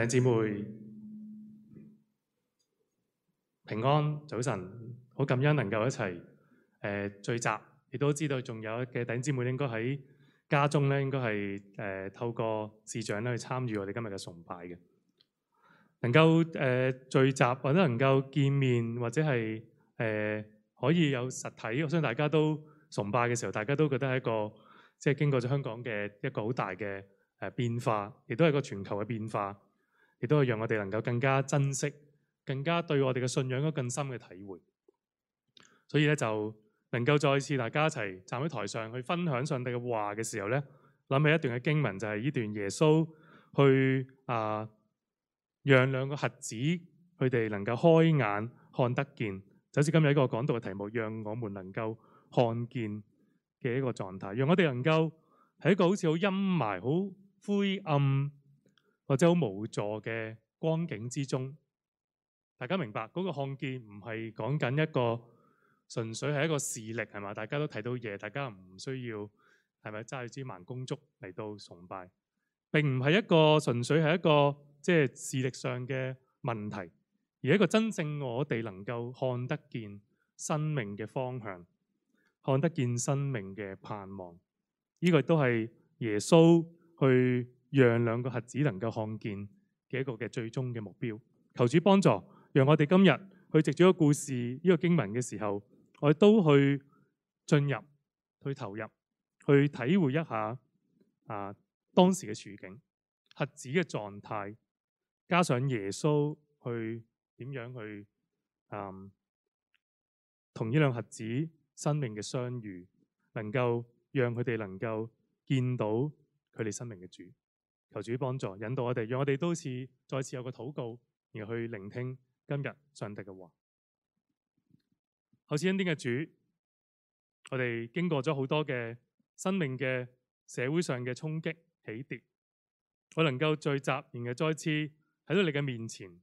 弟兄姊妹平安，早晨！好感恩能夠一齊誒、呃、聚集。亦都知道，仲有嘅弟兄姊妹應該喺家中咧，應該係誒透過視像咧去參與我哋今日嘅崇拜嘅。能夠誒、呃、聚集或者能夠見面，或者係誒、呃、可以有實體，我相信大家都崇拜嘅時候，大家都覺得係一個即係、就是、經過咗香港嘅一個好大嘅誒變化，亦都係一個全球嘅變化。亦都係讓我哋能夠更加珍惜、更加對我哋嘅信仰有更深嘅體會，所以咧就能夠再次大家一齊站喺台上去分享上帝嘅話嘅時候咧，諗起一段嘅經文就係、是、呢段耶穌去啊，讓兩個瞎子佢哋能夠開眼看得見，就好似今日一個講道嘅題目，讓我們能夠看見嘅一個狀態，讓我哋能夠喺一個好似好陰霾、好灰暗，或者好無助嘅光景之中，大家明白嗰、那個看見唔係講緊一個純粹係一個視力係嘛？大家都睇到嘢，大家唔需要係咪揸住支盲公竹嚟到崇拜？並唔係一個純粹係一個即係、就是、視力上嘅問題，而一個真正我哋能夠看得見生命嘅方向，看得見生命嘅盼望。呢、這個都係耶穌去。讓兩個瞎子能夠看見嘅一個嘅最終嘅目標，求主幫助，讓我哋今日去藉住呢個故事呢、這個經文嘅時候，我都去進入去投入去體會一下啊當時嘅處境、瞎子嘅狀態，加上耶穌去點樣去同呢、嗯、兩瞎子生命嘅相遇，能夠讓佢哋能夠見到佢哋生命嘅主。求主幫助，引導我哋，讓我哋都似再次有個禱告，而去聆聽今日上帝嘅話。好，市恩典嘅主，我哋經過咗好多嘅生命嘅社會上嘅衝擊起跌，我能夠聚集，然後再次喺到你嘅面前，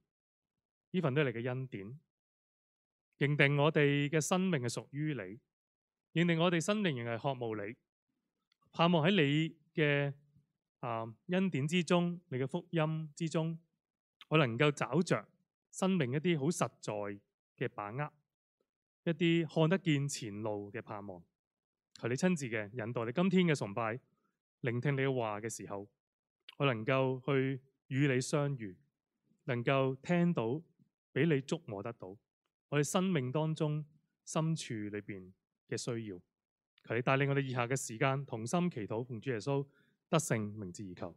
呢份都係你嘅恩典，認定我哋嘅生命係屬於你，認定我哋生命仍係渴望你，盼望喺你嘅。啊、恩典之中，你嘅福音之中，我能夠找着生命一啲好實在嘅把握，一啲看得見前路嘅盼望，求你親自嘅引導。你今天嘅崇拜、聆聽你嘅話嘅時候，我能夠去與你相遇，能夠聽到俾你觸摸得到我哋生命當中深處裏邊嘅需要，求你帶領我哋以下嘅時間同心祈禱同主耶穌。德性名字而求，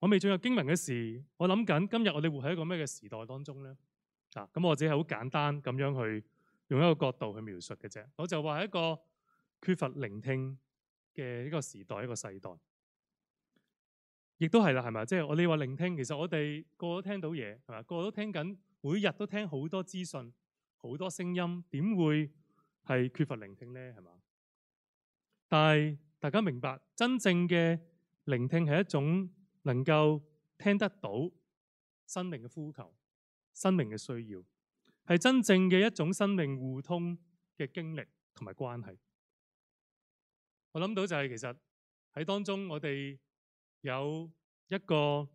我未進入經文嘅時，我諗緊今日我哋活喺一個咩嘅時代當中咧？啊，咁我自己係好簡單咁樣去用一個角度去描述嘅啫。我就話係一個缺乏聆聽嘅一個時代，一個世代。亦都係啦，係咪？即係我哋話聆聽，其實我哋個個都聽到嘢係嘛？個個都聽緊，每日都聽好多資訊，好多聲音，點會係缺乏聆聽呢？係嘛？但係大家明白，真正嘅聆聽係一種能夠聽得到生命嘅呼求、生命嘅需要，係真正嘅一種生命互通嘅經歷同埋關係。我諗到就係其實喺當中，我哋。有一個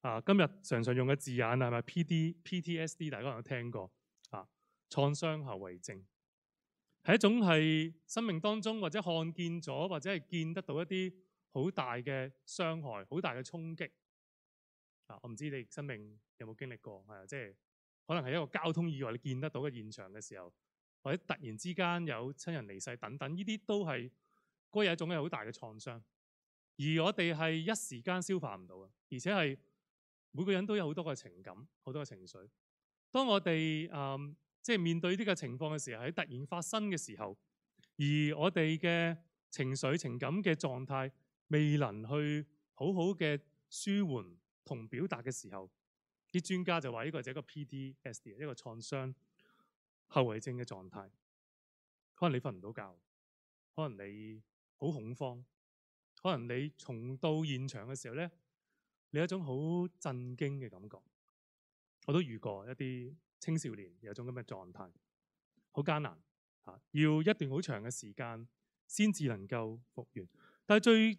啊，今日常常用嘅字眼係咪？P.D.P.T.S.D. 大家可能聽過啊，創傷後遺症係一種係生命當中或者看見咗或者係見得到一啲好大嘅傷害、好大嘅衝擊啊！我唔知你生命有冇經歷過，係啊，即係可能係一個交通意外，你見得到嘅現場嘅時候，或者突然之間有親人離世等等，呢啲都係嗰日一種係好大嘅創傷。而我哋係一時間消化唔到，而且係每個人都有好多嘅情感、好多嘅情緒。當我哋即係面對呢個情況嘅時候，喺突然發生嘅時候，而我哋嘅情緒、情感嘅狀態未能去好好嘅舒緩同表達嘅時候，啲專家就話呢個就係一個 P.D.S.D. 一個創傷後遺症嘅狀態。可能你瞓唔到覺，可能你好恐慌。可能你重到現場嘅時候呢，你有一種好震驚嘅感覺。我都遇過一啲青少年有種咁嘅狀態，好艱難、啊、要一段好長嘅時間先至能夠復原。但係最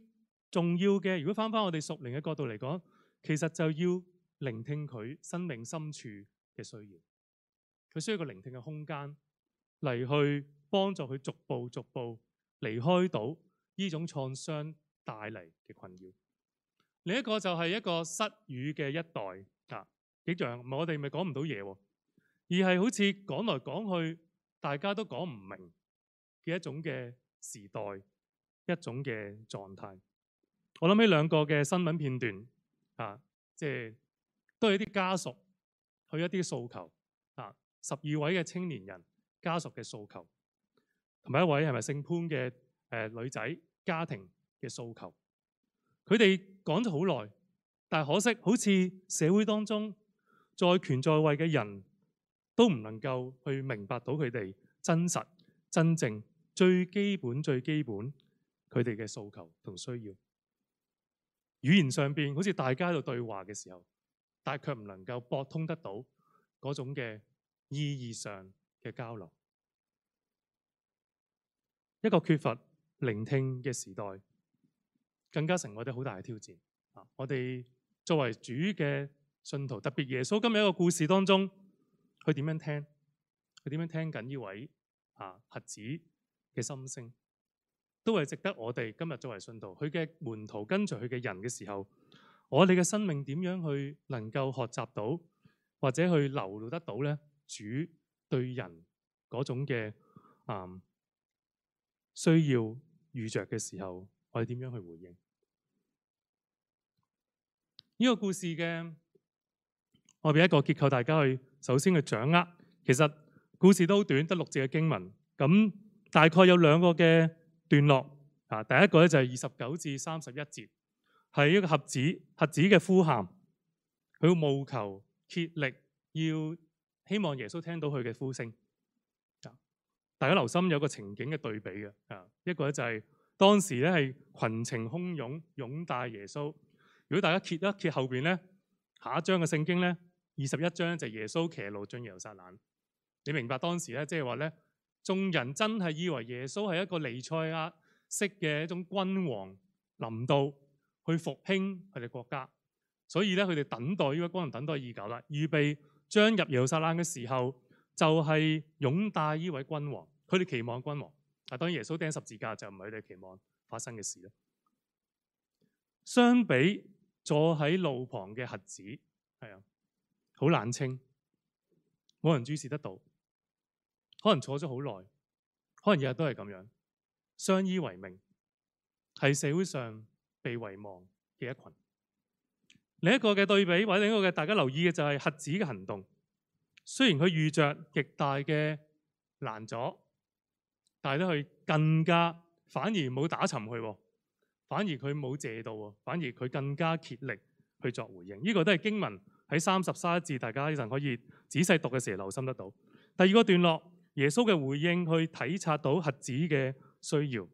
重要嘅，如果翻翻我哋熟齡嘅角度嚟講，其實就要聆聽佢生命深處嘅需要，佢需要一個聆聽嘅空間嚟去幫助佢逐步逐步離開到呢種創傷。帶嚟嘅困擾，另一個就係一個失語嘅一代啊，幾樣，我哋咪講唔到嘢，而係好似講來講去，大家都講唔明嘅一種嘅時代，一種嘅狀態。我諗起兩個嘅新聞片段啊，即係都係啲家屬去一啲訴求啊，十二位嘅青年人家屬嘅訴求，同埋一位係咪姓潘嘅誒女仔家庭。嘅訴求，佢哋講咗好耐，但可惜，好似社會當中在權在位嘅人都唔能夠去明白到佢哋真實、真正最基本、最基本佢哋嘅訴求同需要。語言上面好似大家喺度對話嘅時候，但係卻唔能夠駁通得到嗰種嘅意義上嘅交流。一個缺乏聆聽嘅時代。更加成為我哋好大嘅挑戰。啊！我哋作為主嘅信徒，特別耶穌今日一個故事當中，佢點樣聽？佢點樣聽緊呢位啊瞎子嘅心聲，都係值得我哋今日作為信徒，佢嘅門徒跟隨佢嘅人嘅時候，我哋嘅生命點樣去能夠學習到，或者去流露得到咧？主對人嗰種嘅啊、嗯、需要遇着嘅時候，我哋點樣去回應？呢個故事嘅，我俾一個結構，大家去首先去掌握。其實故事都好短，得六節嘅經文。咁大概有兩個嘅段落啊。第一個咧就係二十九至三十一節，係一個瞎子，瞎子嘅呼喊，佢要務求竭力，要希望耶穌聽到佢嘅呼聲。啊，大家留心有一個情景嘅對比嘅啊。一個咧就係當時咧係群情洶湧，擁戴耶穌。如果大家揭一揭後邊咧，下一章嘅聖經咧，二十一章就係耶穌騎驢進耶路撒冷。你明白當時咧，即係話咧，眾人真係以為耶穌係一個彌賽亞式嘅一種君王臨到去復興佢哋國家，所以咧佢哋等待呢位君王等待已久啦，預備將入耶路撒冷嘅時候就係擁戴呢位君王，佢哋期望君王。但當然耶穌釘十字架就唔係佢哋期望發生嘅事啦。相比。坐喺路旁嘅瞎子，係啊，好冷清，冇人注視得到，可能坐咗好耐，可能日日都係咁樣，相依為命，係社會上被遺忘嘅一群。另一個嘅對比，或者另一個嘅大家留意嘅就係瞎子嘅行動，雖然佢遇着極大嘅難阻，但係咧佢更加反而冇打沉佢。反而佢冇借到喎，反而佢更加竭力去作回應。呢、這個都係經文喺三十三字，大家一陣可以仔細讀嘅時候留心得到。第二個段落，耶穌嘅回應去體察到核子嘅需要。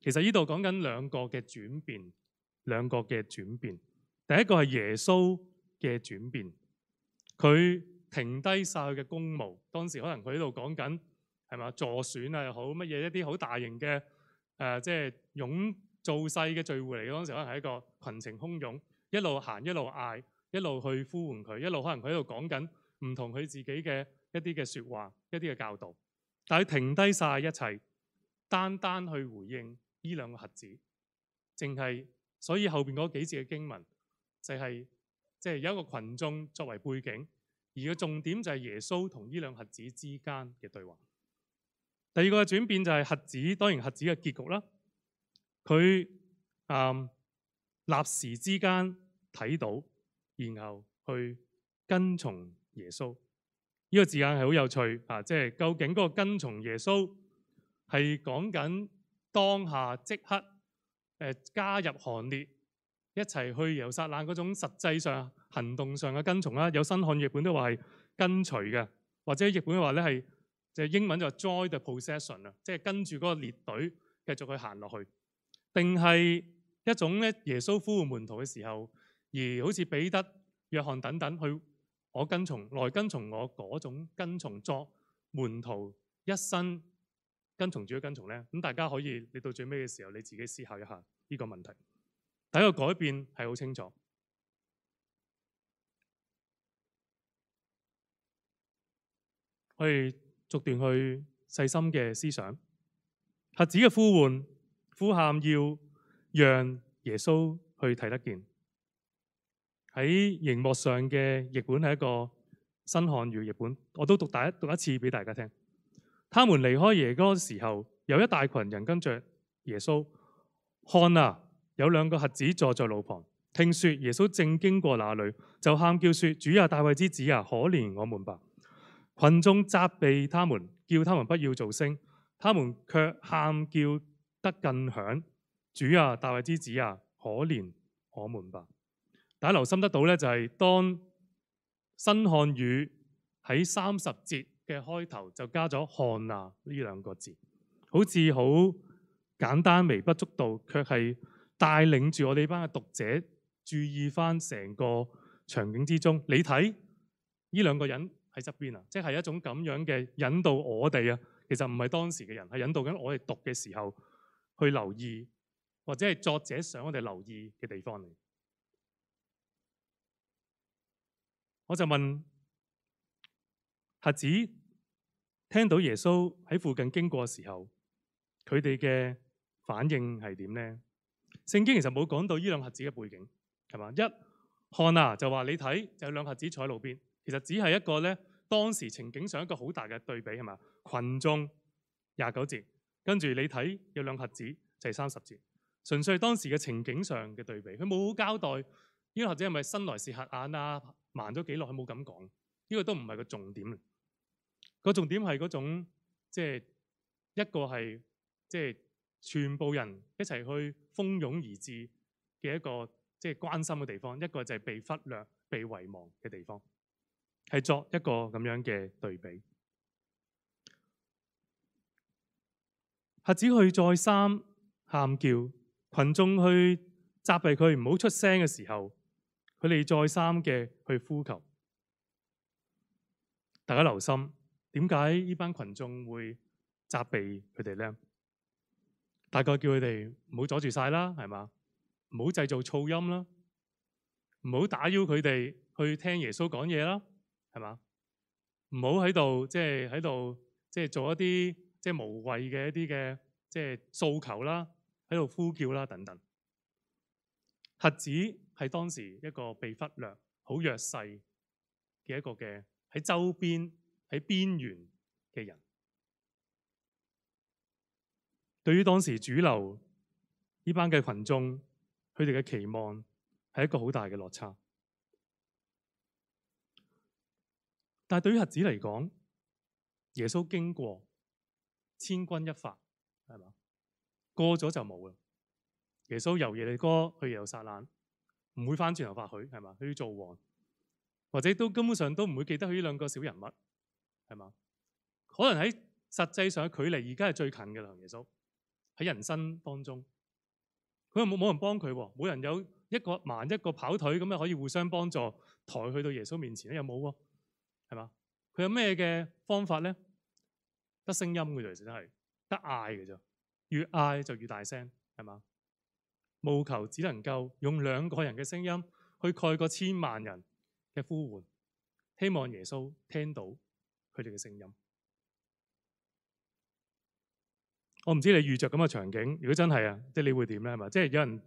其實呢度講緊兩個嘅轉變，兩個嘅轉變。第一個係耶穌嘅轉變，佢停低晒佢嘅公務。當時可能佢喺度講緊係嘛助選啊又好乜嘢一啲好大型嘅誒、呃，即係擁。做勢嘅聚會嚟，嘅，嗰陣可能係一個群情洶湧，一路行一路嗌，一路去呼喚佢，一路可能佢喺度講緊唔同佢自己嘅一啲嘅説話、一啲嘅教導。但係停低晒一切，單單去回應呢兩個核子，淨係所以後邊嗰幾節嘅經文就係即係有一個群眾作為背景，而個重點就係耶穌同呢兩核子之間嘅對話。第二個轉變就係核子，當然核子嘅結局啦。佢嗯，立時之間睇到，然後去跟從耶穌。呢，這個字眼係好有趣啊！即、就、係、是、究竟嗰個跟從耶穌係講緊當下即刻誒、呃、加入行列，一齊去耶路撒冷嗰種實際上行動上嘅跟從啦。有新漢譯本都話係跟隨嘅，或者譯本嘅話咧係就是，英文叫 joy 就 join the procession 啊，即係跟住嗰個列隊繼續去行落去。定係一種咧，耶穌呼喚門徒嘅時候，而好似彼得、約翰等等，去我跟從，來跟從我嗰種跟從作門徒，一生跟從主要跟從咧。咁大家可以，你到最尾嘅時候，你自己思考一下呢個問題。第一個改變係好清楚，去逐段去細心嘅思想，核子嘅呼喚。呼喊要讓耶穌去睇得見。喺熒幕上嘅譯本係一個新漢語譯本，我都讀一次俾大家聽。他們離開耶哥的時候，有一大群人跟着耶穌。看啊，有兩個瞎子坐在路旁，聽說耶穌正經過那裏，就喊叫說：主啊，大衛之子啊，可憐我們吧！群眾責備他們，叫他們不要做聲。他們卻喊叫。得更響，主啊，大衞之子啊，可憐我們吧！大家留心得到呢，就係當新漢語喺三十節嘅開頭就加咗看啊呢兩個字，好似好簡單微不足道，卻係帶領住我哋班嘅讀者注意翻成個場景之中。你睇呢兩個人喺側邊啊，即係一種咁樣嘅引導我哋啊。其實唔係當時嘅人，係引導緊我哋讀嘅時候。去留意，或者係作者想我哋留意嘅地方嚟。我就問：瞎子聽到耶穌喺附近經過嘅時候，佢哋嘅反應係點咧？聖經其實冇講到呢兩瞎子嘅背景，係嘛？一看啊，就話你睇就有兩瞎子坐喺路邊。其實只係一個咧，當時情景上一個好大嘅對比係嘛？群眾廿九節。跟住你睇有兩瞎子就係、是、三十節，純粹係當時嘅情景上嘅對比。佢冇交代呢、這個瞎子係咪生來係瞎眼啊？盲咗幾耐佢冇咁講，呢、這個都唔係個重點啦。個重點係嗰種即係、就是、一個係即係全部人一齊去蜂擁而至嘅一個即係、就是、關心嘅地方，一個就係被忽略、被遺忘嘅地方，係作一個咁樣嘅對比。瞎子去再三喊叫，群眾去責備佢唔好出聲嘅時候，佢哋再三嘅去呼求。大家留心，點解呢班群眾會責備佢哋咧？大概叫佢哋唔好阻住晒啦，係嘛？唔好製造噪音啦，唔好打擾佢哋去聽耶穌講嘢啦，係嘛？唔好喺度即係喺度即係做一啲。即係無謂嘅一啲嘅即係訴求啦，喺度呼叫啦等等。瞎子係當時一個被忽略、好弱勢嘅一個嘅喺周邊、喺邊緣嘅人。對於當時主流呢班嘅群眾，佢哋嘅期望係一個好大嘅落差。但係對於瞎子嚟講，耶穌經過。千鈞一髮，係嘛？過咗就冇啦。耶穌由耶利哥去耶路撒冷，唔會翻轉頭發佢，係嘛？佢要做王，或者都根本上都唔會記得佢呢兩個小人物，係嘛？可能喺實際上嘅距離，而家係最近嘅啦。耶穌喺人生當中，佢又冇冇人幫佢，冇人有一個慢一個跑腿咁樣可以互相幫助抬去到耶穌面前咧，有冇，係嘛？佢有咩嘅方法咧？得聲音嘅時始終係得嗌嘅啫，越嗌就越大聲，係嘛？務求只能夠用兩個人嘅聲音去蓋過千萬人嘅呼喚，希望耶穌聽到佢哋嘅聲音。我唔知你遇着咁嘅場景，如果真係啊，即係你會點咧？係嘛？即係有人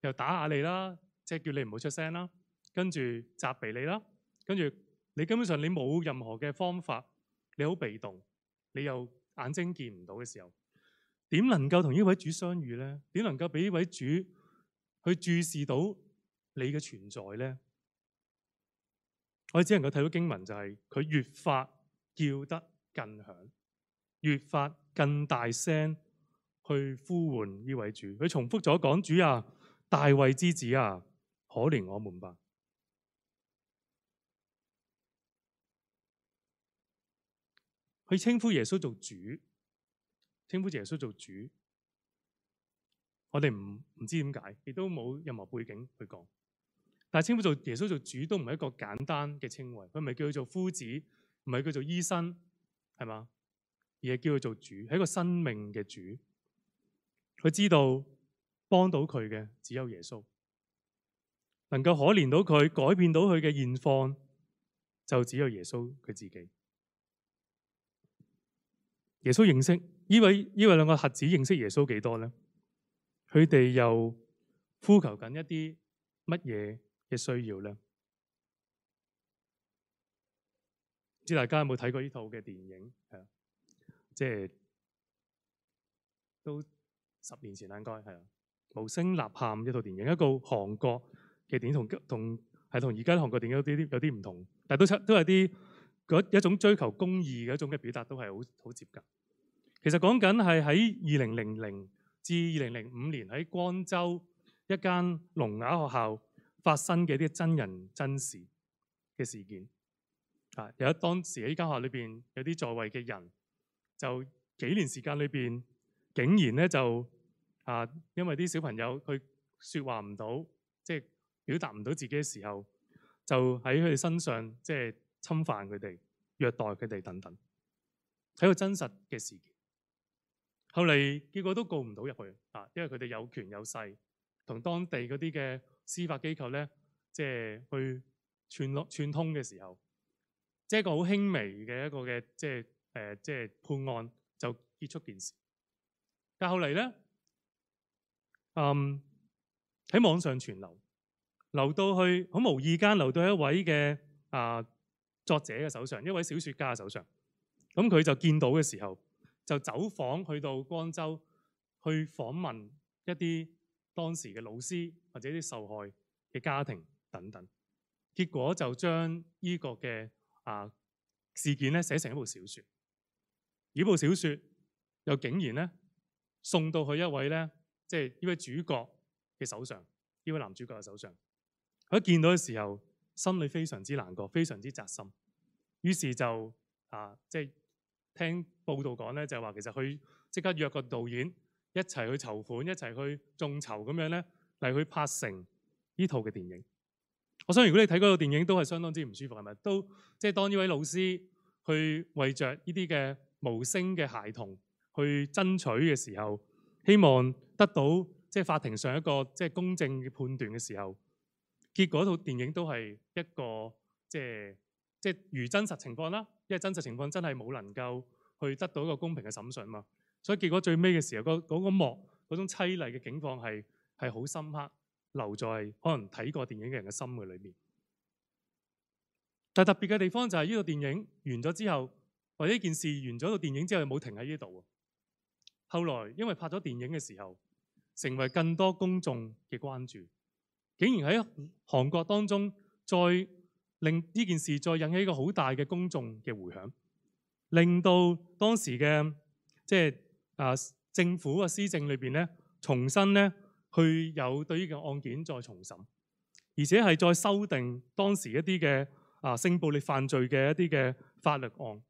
又打下你啦，即係叫你唔好出聲啦，跟住責備你啦，跟住你根本上你冇任何嘅方法，你好被動。你又眼睛見唔到嘅時候，點能夠同呢位主相遇呢？點能夠俾呢位主去注視到你嘅存在呢？我哋只能夠睇到經文就係佢越發叫得更響，越發更大聲去呼喚呢位主。佢重複咗講：主啊，大衛之子啊，可憐我們吧！佢稱呼耶穌做主，稱呼耶穌做主，我哋唔唔知點解，亦都冇任何背景去講。但係稱呼做耶穌做主都唔係一個簡單嘅稱謂，佢唔係叫佢做夫子，唔係叫做醫生，係咪？而係叫佢做主，係一個生命嘅主。佢知道幫到佢嘅只有耶穌，能夠可憐到佢、改變到佢嘅現況，就只有耶穌佢自己。耶穌認識呢位呢位兩個孩子認識耶穌幾多咧？佢哋又呼求緊一啲乜嘢嘅需要咧？唔知大家有冇睇過呢套嘅電影？係啊，即係都十年前應該係啊，無聲呐喊呢套電影，一個韓國嘅電影，同同係同而家韓國電影有啲有啲唔同，但係都出都係啲。嗰一種追求公義嗰種嘅表達都係好好接近。其實講緊係喺二零零零至二零零五年喺光州一間聾啞學校發生嘅啲真人真事嘅事件。啊，有啲當時喺呢間學校裏邊有啲在位嘅人，就幾年時間裏邊，竟然咧就啊，因為啲小朋友佢説話唔到，即係表達唔到自己嘅時候，就喺佢哋身上即係。侵犯佢哋、虐待佢哋等等，睇個真實嘅事件。後嚟結果都告唔到入去啊，因為佢哋有權有勢，同當地嗰啲嘅司法機構咧，即係去串落串通嘅時候，即係一個好輕微嘅一個嘅即係誒、呃、即係判案就結束一件事。但後嚟咧，嗯，喺網上傳流，流到去好無意間流到一位嘅啊，呃作者嘅手上，一位小說家嘅手上，咁佢就見到嘅時候，就走訪去到光州，去訪問一啲當時嘅老師或者啲受害嘅家庭等等，結果就將呢個嘅啊事件咧寫成一部小說。呢部小說又竟然咧送到去一位咧，即係呢位主角嘅手上，呢位男主角嘅手上，佢見到嘅時候。心裏非常之難過，非常之扎心。於是就啊，即係聽報道講咧，就話其實佢即刻約個導演一齊去籌款，一齊去眾籌咁樣咧嚟去拍成呢套嘅電影。我想如果你睇嗰套電影，都係相當之唔舒服，係咪？都即係當呢位老師去為着呢啲嘅無聲嘅孩童去爭取嘅時候，希望得到即係法庭上一個即係公正嘅判斷嘅時候。結果套電影都係一個即係即係如真實情況啦，因為真實情況真係冇能夠去得到一個公平嘅審訊嘛，所以結果最尾嘅時候，嗰、嗰個幕嗰種淒厲嘅境況係係好深刻，留在可能睇過電影嘅人嘅心裏面。但係特別嘅地方就係呢套電影完咗之後，或者件事完咗套電影之後冇停喺呢度。後來因為拍咗電影嘅時候，成為更多公眾嘅關注。竟然喺韓國當中，再令呢件事再引起一個好大嘅公眾嘅回響，令到當時嘅即係啊政府啊施政裏邊咧，重新咧去有對呢個案件再重審，而且係再修訂當時一啲嘅啊性暴力犯罪嘅一啲嘅法律案，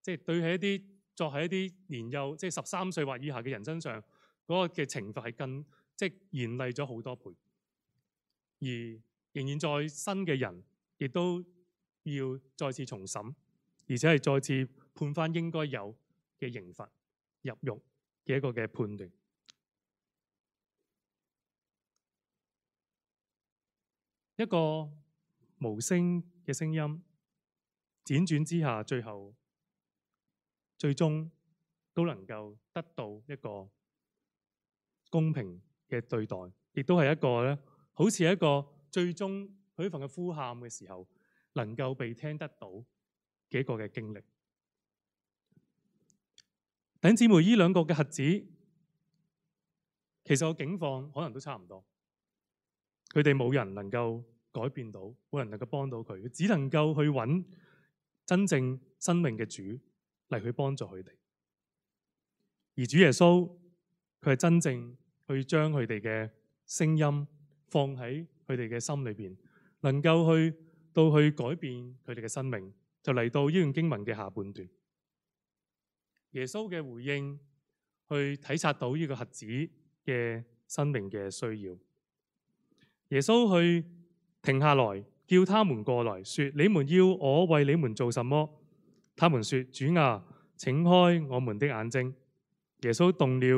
即係對起一啲作喺一啲年幼，即係十三歲或以下嘅人身上嗰個嘅懲罰係更即係嚴厲咗好多倍。而仍然在生嘅人，亦都要再次重審，而且係再次判返應該有嘅刑罰入獄嘅一個嘅判斷。一個無聲嘅聲音，輾轉之下最後，最後最終都能夠得到一個公平嘅對待，亦都係一個咧。好似一個最終許凡嘅呼喊嘅時候，能夠被聽得到嘅一個嘅經歷。弟兄姊妹，依兩個嘅核子，其實個境況可能都差唔多，佢哋冇人能夠改變到，冇人能夠幫到佢，只能夠去揾真正生命嘅主嚟去幫助佢哋。而主耶穌，佢係真正去將佢哋嘅聲音。放喺佢哋嘅心裏邊，能夠去到去改變佢哋嘅生命，就嚟到呢段經文嘅下半段。耶穌嘅回應去體察到呢個瞎子嘅生命嘅需要。耶穌去停下來，叫他們過來說，你們要我為你們做什麼？他們說，主啊，請開我們的眼睛。耶穌動了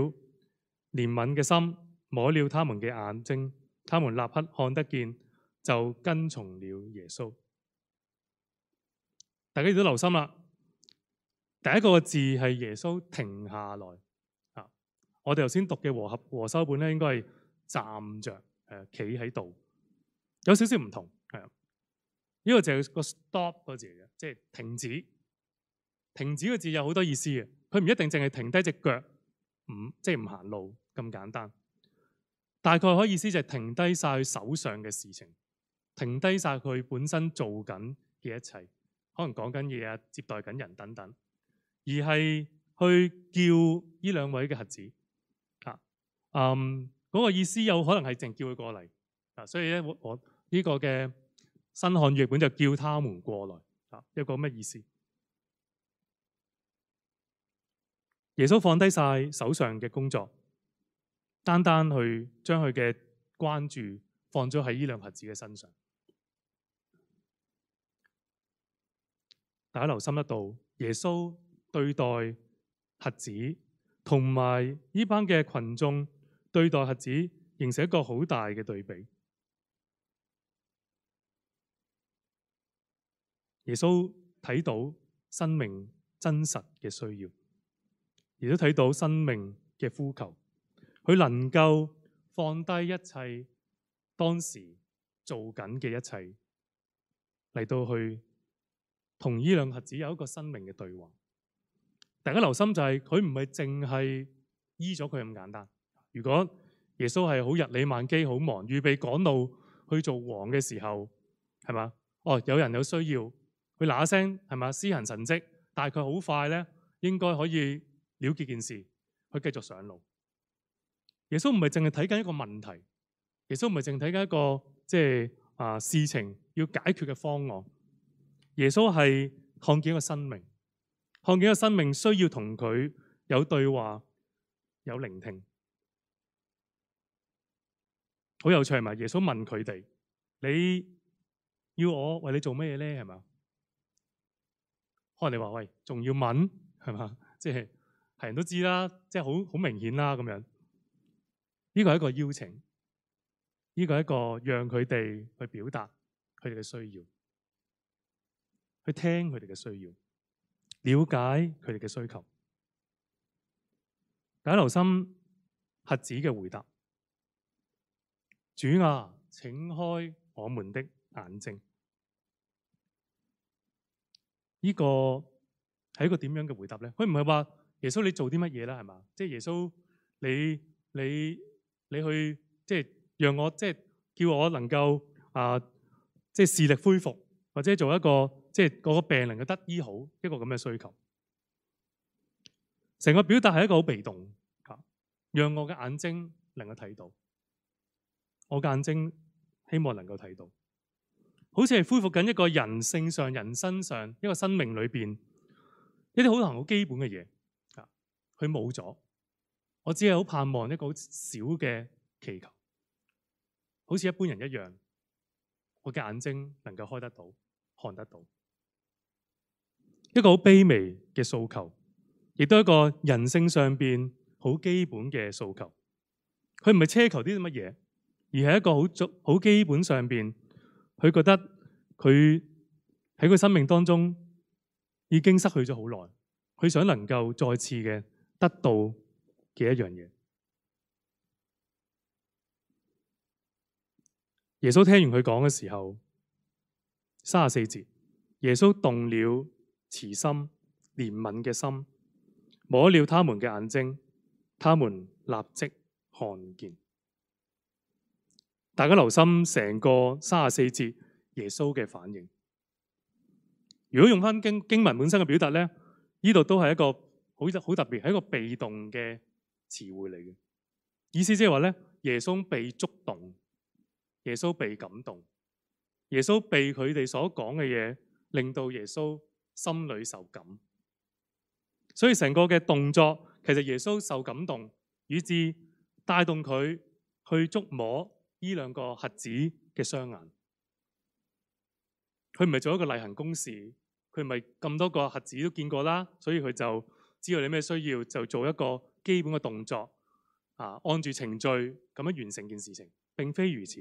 憐憫嘅心，摸了他們嘅眼睛。他們立刻看得見，就跟從了耶穌。大家亦都留心啦，第一個字係耶穌停下來啊！我哋頭先讀嘅和合和修本應該係站着誒，企喺度，有少少唔同係呢個就係個 stop 個字嚟嘅，即、係、停止。停止個字有好多意思嘅，佢唔一定淨係停低隻腳，唔即係唔行路咁簡單。大概可以意思就係停低晒佢手上嘅事情，停低晒佢本身做緊嘅一切，可能講緊嘢啊、接待緊人等等，而係去叫呢兩位嘅瞎子嚇，嗯，嗰、那個意思有可能係淨叫佢過嚟，啊，所以咧我呢個嘅新漢語譯本就叫他們過來，嚇，一個咩意思？耶穌放低晒手上嘅工作。單單去將佢嘅關注放咗喺呢兩瞎子嘅身上，大家留心一度，耶穌對待瞎子同埋呢班嘅群眾對待瞎子，形成一個好大嘅對比。耶穌睇到生命真實嘅需要，亦都睇到生命嘅呼求。佢能夠放低一切，當時做緊嘅一切嚟到去同呢兩瞎子有一個生命嘅對話。大家留心就係佢唔係淨係醫咗佢咁簡單。如果耶穌係好日理萬機、好忙，預備趕路去做王嘅時候，係嘛？哦，有人有需要，佢嗱嗱聲係嘛？施行神蹟，但係佢好快咧，應該可以了結件事，去繼續上路。耶穌唔係淨係睇緊一個問題，耶穌唔係淨睇緊一個即係、就是、啊，事情要解決嘅方案。耶穌係看見一個生命，看見一個生命需要同佢有對話、有聆聽，好有趣，係嘛？耶穌問佢哋，你要我為你做乜嘢咧？係嘛？可能你話喂，仲要問係嘛？即係係人都知啦，即係好好明顯啦咁樣。呢個係一個邀請，呢、這個係一個讓佢哋去表達佢哋嘅需要，去聽佢哋嘅需要，了解佢哋嘅需求。大家留心，瞎子嘅回答：主啊，請開我們的眼睛。呢、這個係一個點樣嘅回答咧？佢唔係話耶穌你做啲乜嘢啦，係嘛？即係耶穌你你。你去即係讓我即係叫我能夠啊，即係視力恢復，或者做一個即係嗰個病能夠得醫好一個咁嘅需求。成個表達係一個好被動啊，讓我嘅眼睛能夠睇到，我嘅眼睛希望能夠睇到，好似係恢復緊一個人性上、人身上一個生命裏邊一啲好行、好基本嘅嘢啊，佢冇咗。我只係好盼望一個好小嘅祈求，好似一般人一樣，我嘅眼睛能夠開得到、看得到，一個好卑微嘅訴求，亦都係一個人性上邊好基本嘅訴求。佢唔係奢求啲乜嘢，而係一個好足、好基本上邊，佢覺得佢喺佢生命當中已經失去咗好耐，佢想能夠再次嘅得到嘅一樣嘢。耶穌聽完佢講嘅時候，三十四節，耶穌動了慈心、憐憫嘅心，摸了他們嘅眼睛，他們立即看見。大家留心成個三十四節耶穌嘅反應。如果用翻經文本身嘅表達咧，呢度都係一個好好特別，係一個被動嘅。詞彙嚟嘅意思即係話咧，耶穌被觸動，耶穌被感動，耶穌被佢哋所講嘅嘢令到耶穌心裏受感，所以成個嘅動作其實耶穌受感動，以至帶動佢去觸摸呢兩個瞎子嘅雙眼。佢唔係做一個例行公事，佢唔係咁多個瞎子都見過啦，所以佢就知道你咩需要，就做一個。基本嘅動作啊，按住程序咁樣完成件事情，並非如此。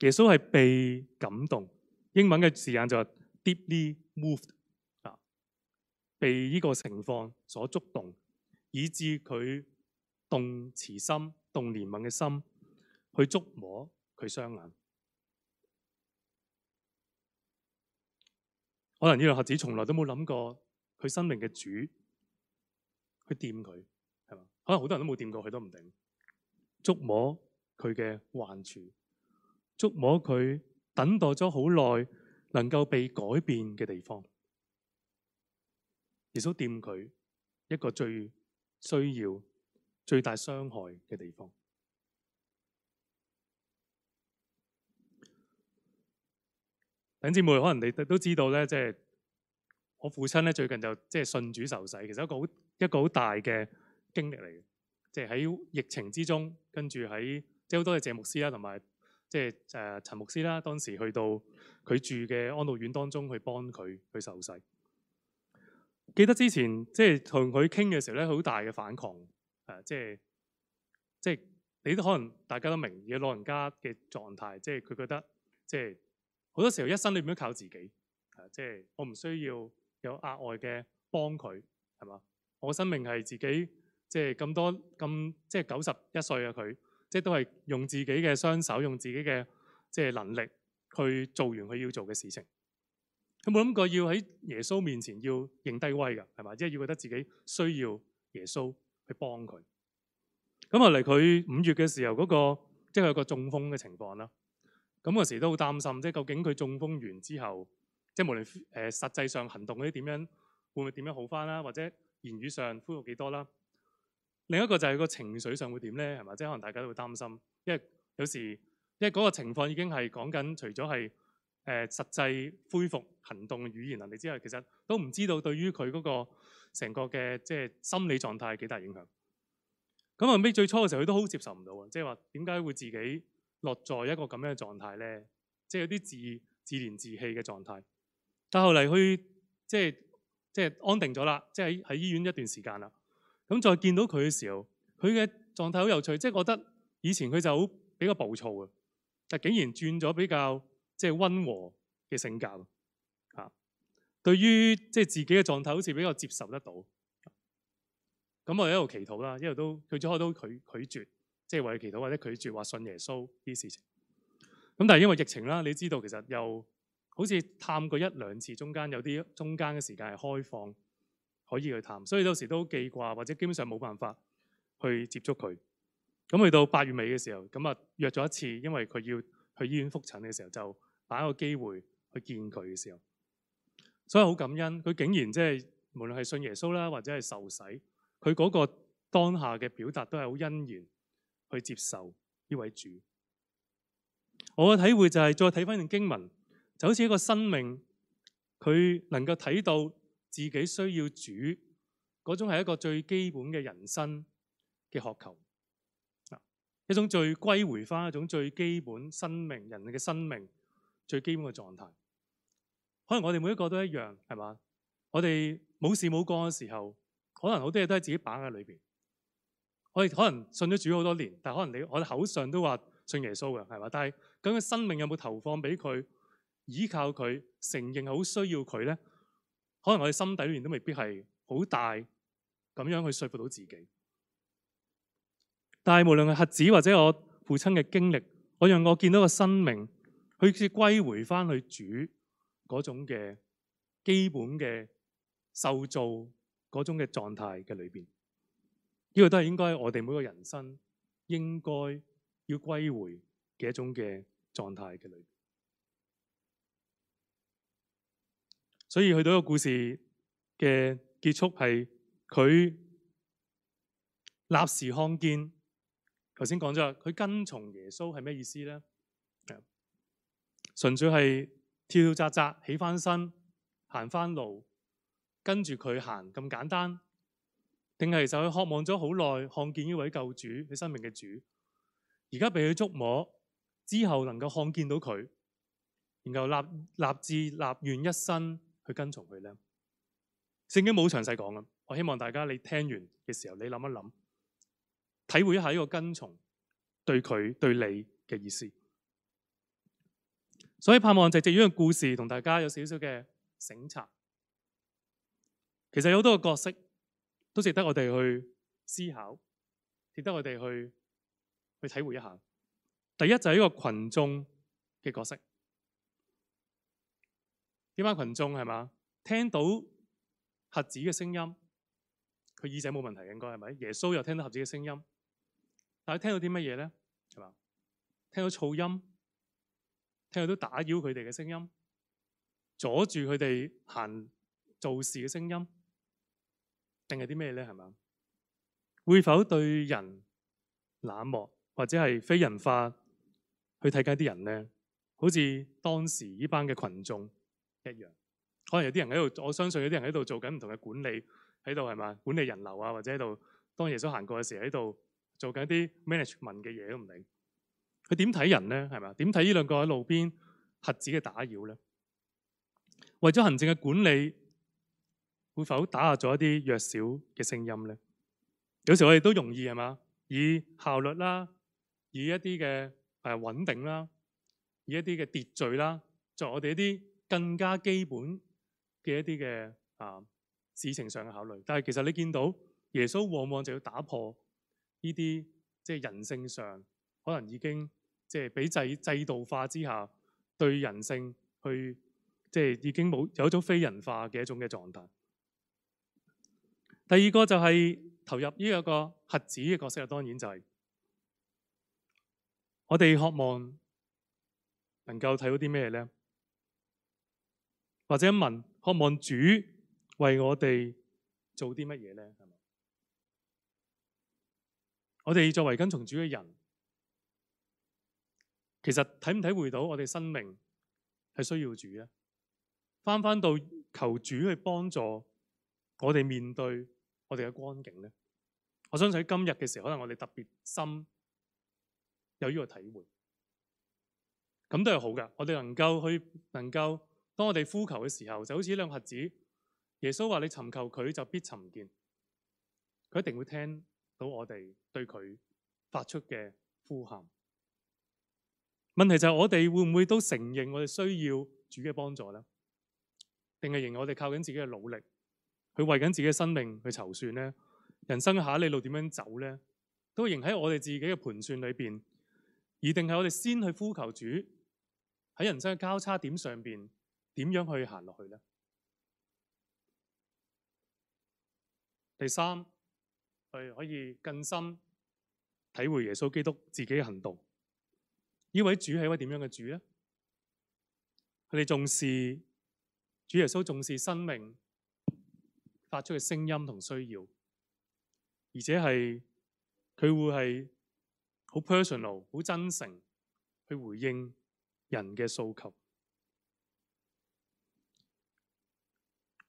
耶穌係被感動，英文嘅字眼就係 deeply moved 啊，被呢個情況所觸動，以致佢動慈心、動憐憫嘅心去觸摸佢雙眼。可能呢個瞎子從來都冇諗過佢生命嘅主去掂佢。他可能好多人都冇掂過，佢都唔定觸摸佢嘅患處，觸摸佢等待咗好耐能夠被改變嘅地方。亦都掂佢一個最需要、最大傷害嘅地方。弟兄姊妹，可能你都知道咧，即係我父親咧最近就即係信主受洗，其實一個好一個好大嘅經歷嚟嘅，即係喺疫情之中，跟住喺即係好多嘅謝牧師啦，同埋即係誒陳牧師啦，當時去到佢住嘅安老院當中，去幫佢去受洗。記得之前即係同佢傾嘅時候咧，好大嘅反抗，誒、啊，即係即係你都可能大家都明，有老人家嘅狀態，即係佢覺得即係好多時候一生你唔想靠自己，誒、啊，即係我唔需要有額外嘅幫佢，係嘛？我嘅生命係自己。即係咁多咁，即係九十一歲啊！佢即係都係用自己嘅雙手，用自己嘅即係能力去做完佢要做嘅事情。佢冇諗過要喺耶穌面前要認低威㗎，係咪？即係要覺得自己需要耶穌去幫佢。咁後嚟佢五月嘅時候嗰個，即係有個中風嘅情況啦。咁嗰時都好擔心，即係究竟佢中風完之後，即係無論誒實際上行動啲點樣，會唔會點樣好翻啦？或者言語上恢復幾多啦？另一個就係個情緒上會點呢？係嘛？即係可能大家都會擔心，因為有時因為嗰個情況已經係講緊，除咗係誒實際恢復行動的語言能力之外，其實都唔知道對於佢嗰個成個嘅即係心理狀態係幾大影響。咁阿 B 最初嘅時候，佢都好接受唔到啊，即係話點解會自己落在一個咁樣嘅狀態呢？即係有啲自自憐自棄嘅狀態。但後嚟佢即係即係安定咗啦，即係喺喺醫院一段時間啦。咁再見到佢嘅時候，佢嘅狀態好有趣，即係覺得以前佢就好比較暴躁啊，但竟然轉咗比較即係溫和嘅性格啊。對於即係自己嘅狀態，好似比較接受得到。咁我一路祈禱啦，一路都佢初都拒絕拒絕，即係為祈禱或者拒絕話信耶穌啲事情。咁但係因為疫情啦，你知道其實又好似探過一兩次，中間有啲中間嘅時間係開放。可以去談，所以有時都記掛，或者基本上冇辦法去接觸佢。咁去到八月尾嘅時候，咁啊約咗一次，因為佢要去醫院復診嘅時候，就擺個機會去見佢嘅時候。所以好感恩，佢竟然即係無論係信耶穌啦，或者係受洗，佢嗰個當下嘅表達都係好欣然去接受呢位主。我嘅體會就係再睇翻段經文，就好似一個生命，佢能夠睇到，自己需要主，嗰種係一個最基本嘅人生嘅渴求，一種最歸回翻一種最基本生命人嘅生命最基本嘅狀態。可能我哋每一個都一樣，係嘛？我哋冇事冇干嘅時候，可能好多嘢都係自己把握喺裏面。我哋可能信咗主好多年，但可能你我口上都話信耶穌嘅，係嘛？但係究竟生命有冇投放俾佢，依靠佢，承認好需要佢呢？可能我哋心底裏面都未必係好大咁樣去説服到自己，但係無論係核子或者我父親嘅經歷，我讓我見到個生命，佢好似歸回翻去主嗰種嘅基本嘅受造嗰種嘅狀態嘅裏邊，呢、這個都係應該我哋每個人生應該要歸回嘅一種嘅狀態嘅裏邊。所以去到一個故事嘅結束係佢立時看見，頭先講咗，佢跟從耶穌係咩意思呢？純粹係跳跳扎扎起翻身，行翻路，跟住佢行咁簡單，定係其實佢渴望咗好耐看見呢位救主，佢生命嘅主，而家畀佢觸摸之後能夠看見到佢，然後立立志立願一生，去跟從佢咧，聖經冇詳細講啦。我希望大家你聽完嘅時候，你諗一諗，體會一下呢個跟從對佢對你嘅意思。所以盼望就藉呢個故事同大家有少少嘅省察。其實有好多個角色都值得我哋去思考，值得我哋去去體會一下。第一就係一個群眾嘅角色。呢班羣眾係嘛？聽到瞎子嘅聲音，佢耳仔冇問題，應該係咪？耶穌又聽到瞎子嘅聲音，但係聽到啲乜嘢咧？係嘛？聽到噪音，聽到都打擾佢哋嘅聲音，阻住佢哋行做事嘅聲音，定係啲咩咧？係嘛？會否對人冷漠或者係非人化去睇解啲人咧？好似當時呢班嘅群眾一樣，可能有啲人喺度，我相信有啲人喺度做緊唔同嘅管理，喺度係嘛？管理人流啊，或者喺度當耶穌行過嘅時候，喺度做緊一啲 management 嘅嘢都唔理。佢點睇人呢？係嘛？點睇呢兩個喺路邊核子嘅打擾呢？為咗行政嘅管理，會否打壓咗一啲弱小嘅聲音呢？有時我哋都容易係嘛？以效率啦，以一啲嘅誒穩定啦，以一啲嘅秩序啦，作我哋一啲。更加基本嘅一啲嘅啊事情上嘅考慮，但係其實你見到耶穌往往就要打破呢啲即係人性上可能已經即係俾制、制度化之下對人性去即係已經冇有，有一種非人化嘅一種嘅狀態。第二個就係投入呢一個瞎子嘅角色，當然就係我哋渴望能夠睇到啲咩咧？或者問渴望主為我哋做啲乜嘢咧？我哋作為跟從主嘅人，其實，體唔體會到我哋生命係需要主呢？返返到求主去幫助我哋面對我哋嘅光景咧，我相信喺今日嘅時候，可能我哋特別深有呢個體會。咁都係好㗎，我哋能夠去能夠。當我哋呼求嘅時候，就好似呢兩個瞎子，耶穌話：你尋求佢就必尋見，佢一定會聽到我哋對佢發出嘅呼喊。問題就係我哋會唔會都承認我哋需要主嘅幫助呢？定係仍我哋靠緊自己嘅努力去為緊自己嘅生命去籌算呢？人生嘅下一哩路點樣走呢？都仍喺我哋自己嘅盤算裏邊，而定係我哋先去呼求主喺人生嘅交叉點上邊。點樣去行落去咧？第三，佢可以更深體會耶穌基督自己嘅行動。呢位主係一位點樣嘅主咧？佢哋重視主耶穌重視生命發出嘅聲音同需要，而且係佢會係好 personal、好真誠去回應人嘅訴求。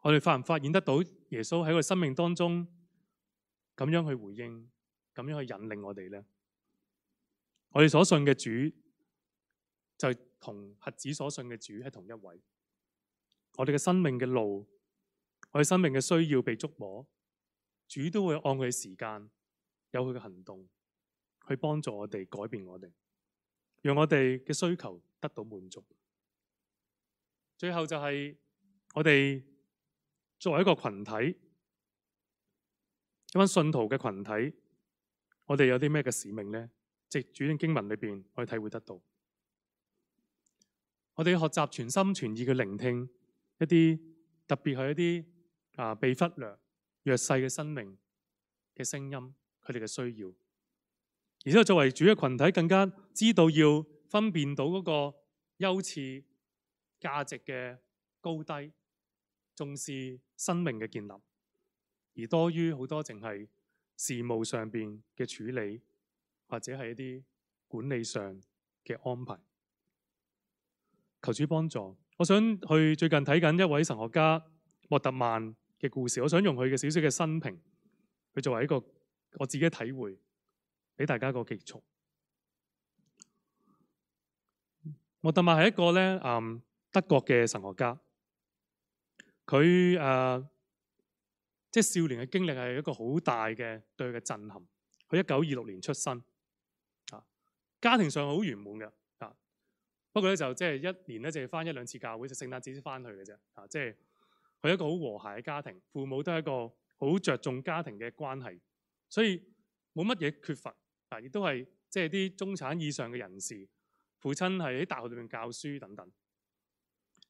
我哋發唔發現得到耶穌喺我哋生命當中咁樣去回應，咁樣去引領我哋咧？我哋所信嘅主就同瞎子所信嘅主係同一位。我哋嘅生命嘅路，我哋生命嘅需要被觸摸，主都會按佢嘅時間有佢嘅行動去幫助我哋改變我哋，讓我哋嘅需求得到滿足。最後就係我哋。作為一個群體，一班信徒嘅群體，我哋有啲咩嘅使命呢？藉主經文裏邊可以體會得到。我哋學習全心全意嘅聆聽一啲，特別係一啲啊被忽略弱勢嘅生命嘅聲音，佢哋嘅需要。而且作為主嘅群體，更加知道要分辨到嗰個優次價值嘅高低，重視。生命嘅建立，而多於好多淨係事務上邊嘅處理，或者係一啲管理上嘅安排。求主幫助，我想去最近睇緊一位神學家莫特曼嘅故事，我想用佢嘅小小嘅生平，去作為一個我自己嘅體會，俾大家一個結束。莫特曼係一個咧，嗯，德國嘅神學家。佢誒，即係少年嘅經歷係一個好大嘅對佢嘅震撼。佢一九二六年出生，嚇家庭上好圓滿嘅嚇。不過咧就即係一年咧淨係翻一兩次教會，就是、聖誕節先翻去嘅啫。嚇，即係佢一個好和諧嘅家庭，父母都係一個好着重家庭嘅關係，所以冇乜嘢缺乏啊。亦都係即係啲中產以上嘅人士，父親係喺大學裏邊教書等等。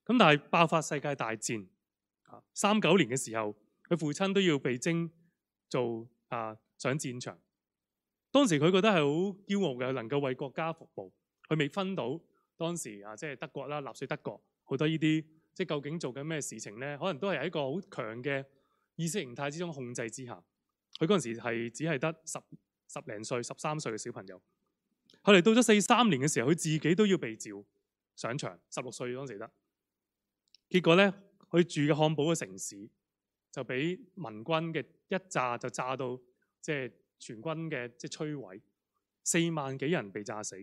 咁但係爆發世界大戰。三九年嘅時候，佢父親都要被徵做啊上戰場。當時佢覺得係好驕傲嘅，能夠為國家服務。佢未分到當時啊，即係德國啦，納粹德國好多呢啲，即係究竟做緊咩事情呢？可能都係喺一個好強嘅意識形態之中控制之下。佢嗰陣時係只係得十十零歲、十三歲嘅小朋友。後來到咗四三年嘅時候，佢自己都要被召上場，十六歲當時得。結果呢。佢住嘅漢堡嘅城市就俾民軍嘅一炸就炸到即係全軍嘅即係摧毀，四萬幾人被炸死。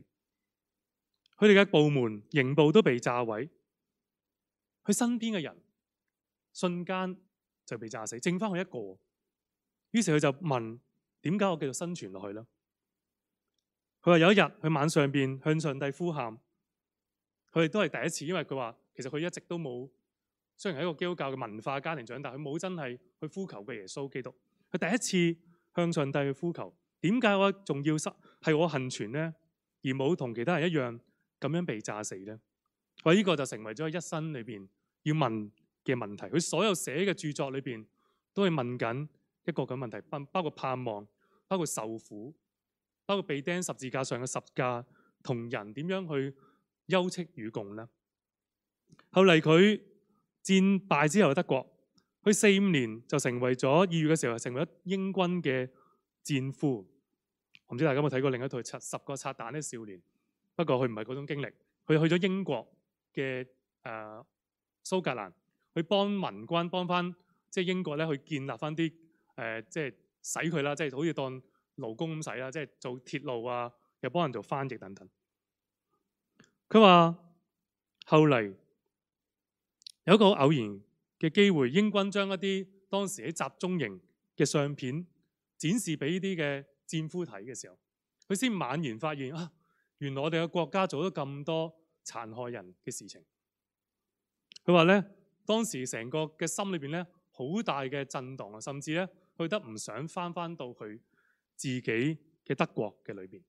佢哋嘅部門營部都被炸毀，佢身邊嘅人瞬間就被炸死，剩返佢一個。於是佢就問：點解我繼續生存落去呢？佢話有一日佢晚上面向上帝呼喊，佢哋都係第一次，因為佢話其實佢一直都冇。雖然係一個基督教嘅文化家庭長大，佢冇真係去呼求嘅耶穌基督。佢第一次向上帝去呼求，點解我仲要失係我幸存呢？而冇同其他人一樣咁樣被炸死呢？佢呢個就成為咗一生裏邊要問嘅問題。佢所有寫嘅著作裏邊都係問緊一個咁問題，包包括盼望，包括受苦，包括被釘十字架上嘅十架，同人點樣去休戚與共呢？後嚟佢。戰敗之後嘅德國，佢四五年就成為咗二月嘅時候，成為咗英軍嘅戰俘。我唔知大家有冇睇過另一套《十個拆彈的少年》，不過佢唔係嗰種經歷。佢去咗英國嘅誒、呃、蘇格蘭，去幫民軍幫翻，即係英國咧去建立翻啲誒，即係使佢啦，即係好似當勞工咁使啦，即係做鐵路啊，又幫人做翻譯等等。佢話後嚟。有一個偶然嘅機會，英軍將一啲當時喺集中營嘅相片展示俾呢啲嘅戰俘睇嘅時候，佢先猛然發現啊，原來我哋嘅國家做咗咁多殘害人嘅事情。佢話咧，當時成個嘅心裏邊咧，好大嘅震盪啊，甚至咧佢都唔想翻翻到佢自己嘅德國嘅裏邊。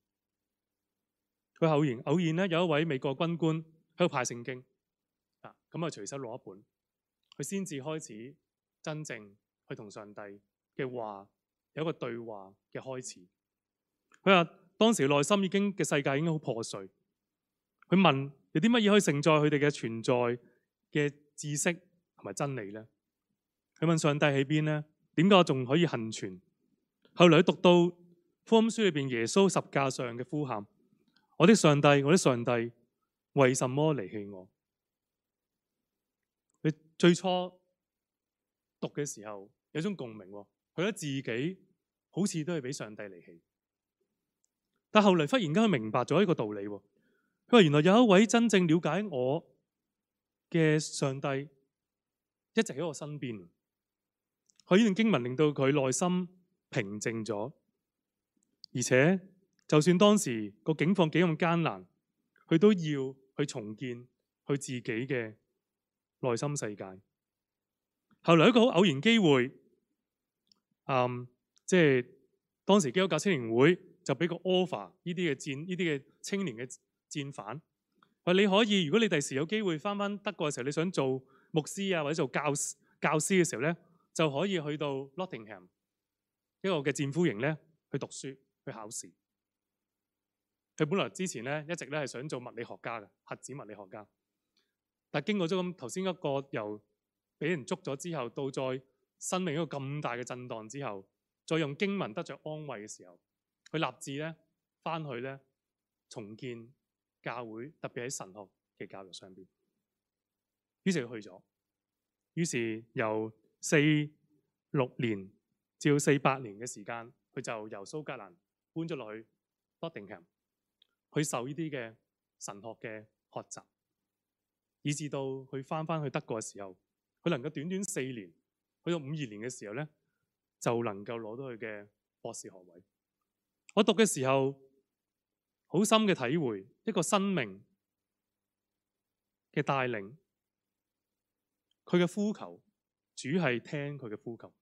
佢偶然偶然咧，有一位美國軍官喺度派聖經。咁啊，隨手攞一本，佢先至開始真正去同上帝嘅話有一個對話嘅開始。佢話當時內心已經嘅世界已經好破碎，佢問有啲乜嘢可以承載佢哋嘅存在嘅知識同埋真理呢？佢問上帝喺邊呢？點解我仲可以幸存？後來佢讀到福音書裏邊耶穌十架上嘅呼喊：我的上帝，我的上帝，我的上帝為什麼離棄我？最初讀嘅時候有一種共鳴，佢覺得自己好似都係俾上帝離棄，但後來忽然間佢明白咗一個道理，佢話原來有一位真正了解我嘅上帝一直喺我身邊，佢呢段經文令到佢內心平靜咗，而且就算當時個境況幾咁艱難，佢都要去重建佢自己嘅。內心世界。後來一個好偶然機會，嗯，即係當時基督教青年會就俾個 offer 呢啲嘅戰呢啲嘅青年嘅戰犯，話你可以，如果你第時有機會翻翻德國嘅時候，你想做牧師啊或者做教教師嘅時候咧，就可以去到 Nottingham 一個嘅戰俘營咧去讀書去考試。佢本來之前咧一直咧係想做物理學家嘅，核子物理學家。但經過咗咁頭先一個由俾人捉咗之後，到再生命一個咁大嘅震盪之後，再用經文得着安慰嘅時候，佢立志咧翻去咧重建教會，特別喺神學嘅教育上面。於是佢去咗，於是由四六年至到四八年嘅時間，佢就由蘇格蘭搬咗落去 Nottingham，佢受呢啲嘅神學嘅學習。以至到佢返返去德國嘅時候，佢能夠短短四年，去到五二年嘅時候呢，就能夠攞到佢嘅博士學位。我讀嘅時候，好深嘅體會，一個生命嘅帶領，佢嘅呼求，主係聽佢嘅呼求。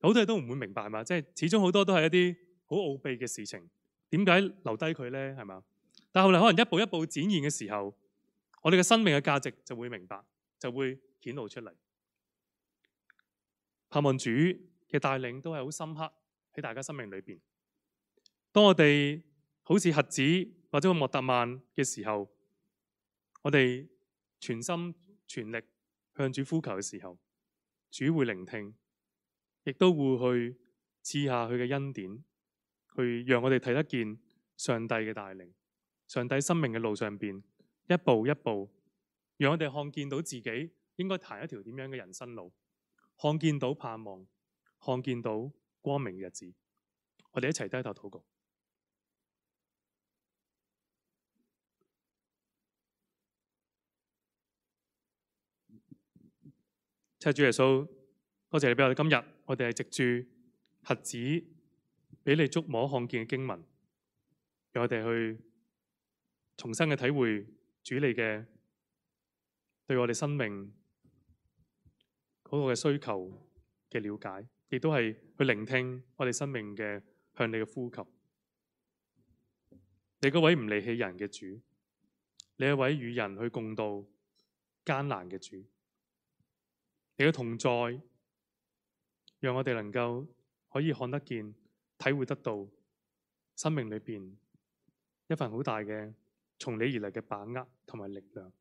好多嘢都唔會明白嘛，即係始終好多都係一啲好奧秘嘅事情，點解留低佢呢？係嘛？但後來可能一步一步展現嘅時候，我哋嘅生命嘅價值就會明白，就會顯露出嚟。盼望主嘅帶領都係好深刻喺大家生命裏面。當我哋好似核子或者個莫特曼嘅時候，我哋全心全力向主呼求嘅時候，主會聆聽，亦都會去賜下佢嘅恩典，去讓我哋睇得見上帝嘅帶領。上帝生命嘅路上邊，一步一步，讓我哋看見到自己應該行一條點樣嘅人生路，看見到盼望，看見到光明嘅日子。我哋一齊低頭禱告，謝主耶穌，多謝你俾我哋今日。我哋係藉住盒子俾你觸摸、看見嘅經文，讓我哋去。重新嘅體會主你嘅對我哋生命嗰個嘅需求嘅了解，亦都係去聆聽我哋生命嘅向你嘅呼吸。你嗰位唔離棄人嘅主，你嗰位與人去共度艱難嘅主。你嘅同在，讓我哋能夠可以看得見、體會得到生命裏面，一份好大嘅，從你而來嘅把握同埋力量，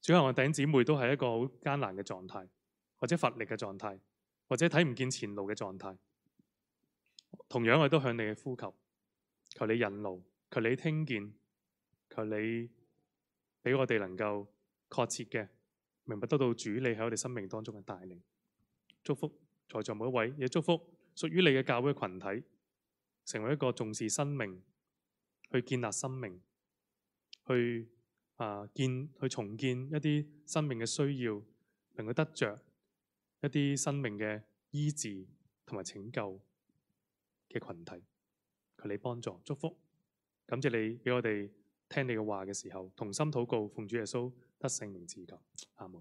主啊，我弟兄姊妹都係一個好艱難嘅狀態，或者乏力嘅狀態，或者睇唔見前路嘅狀態。同樣，我都向你嘅呼求，求你引路，求你聽見，求你俾我哋能夠確切嘅明白，得到主你喺我哋生命當中嘅帶領。祝福在座每一位，也祝福屬於你嘅教會的群體，成為一個重視生命、去建立生命。去啊，見去重建一啲生命嘅需要，令佢得着一啲生命嘅醫治同埋拯救嘅群體，求你幫助祝福，感謝你俾我哋聽你嘅話嘅時候同心禱告，奉主耶穌得聖靈拯救，阿門。